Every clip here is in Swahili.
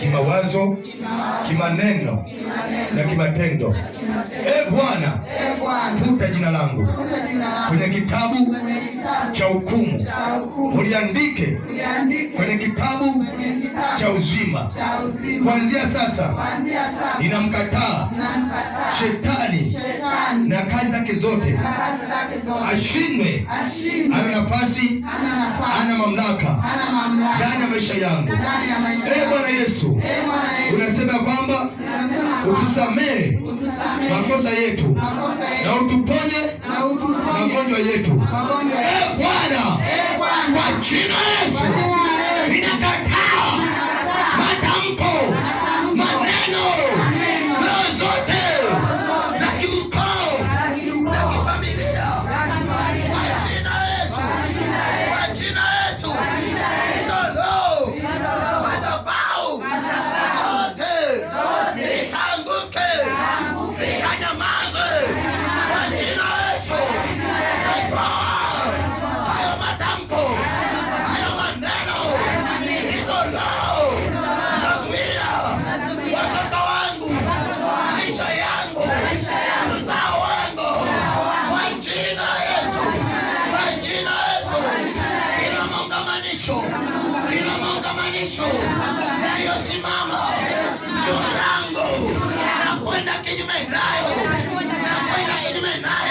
kimawazo, kimaneno na kimatendo. E Bwana, futa jina langu kwenye kitabu cha hukumu, uliandike kwenye kitabu cha uzima. Kuanzia sasa ninamkataa shetani zake zote, ashindwe, ana nafasi, ana mamlaka ndani ya maisha yangu. Ee, ee Bwana Yesu, unasema kwamba utusamee makosa yetu na utuponye magonjwa yetu. Ee Bwana, ee kwa jina maaminisho yaliyosimama juu yangu na kwenda kinyume nayo, na kwenda kinyume nayo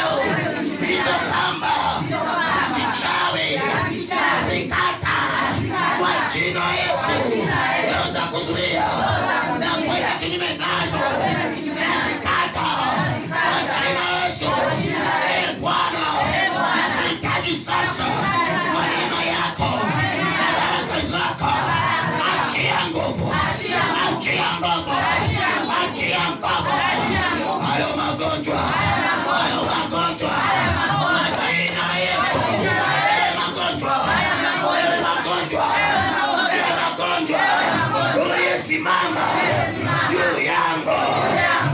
wokovu, hayo magonjwa, hayo magonjwa majina Yesu, magonjwa, magonjwa, magonjwa uliyesimama juu yangu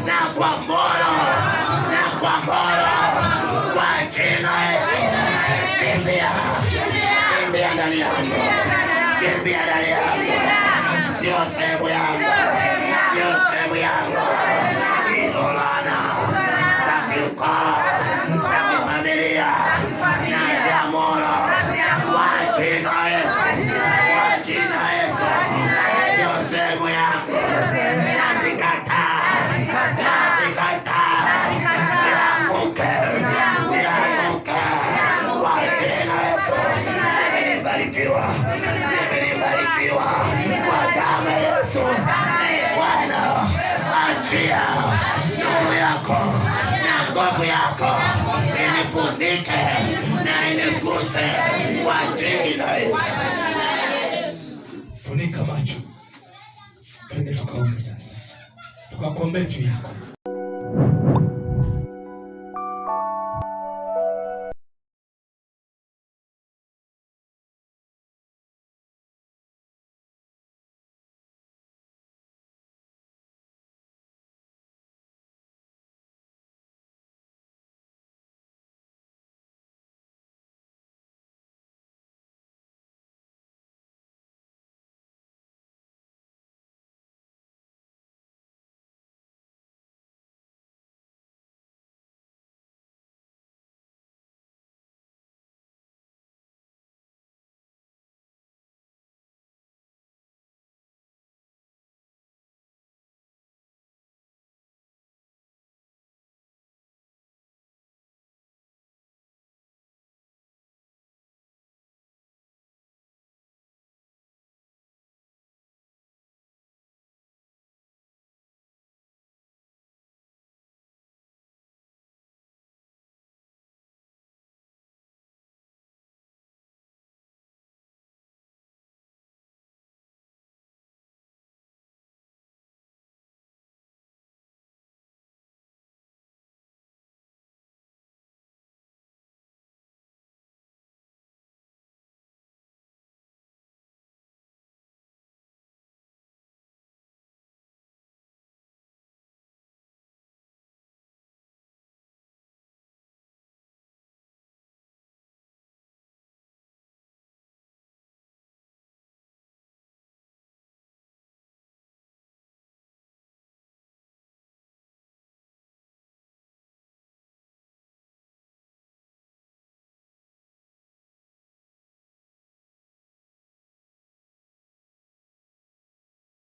na kwa mboro na kwa mboro, kwa jina Yesu, kimbia, kimbia ndani yangu, kimbia ndani yangu, sio sehemu yangu, sio sehemu yangu kufunguliwa kwa damu ya Yesu. Bwana achia nuru yako na nguvu yako inifunike na iniguse kwa jina Yesu. Funika macho, twende tukaombe sasa, tukakombe juu yako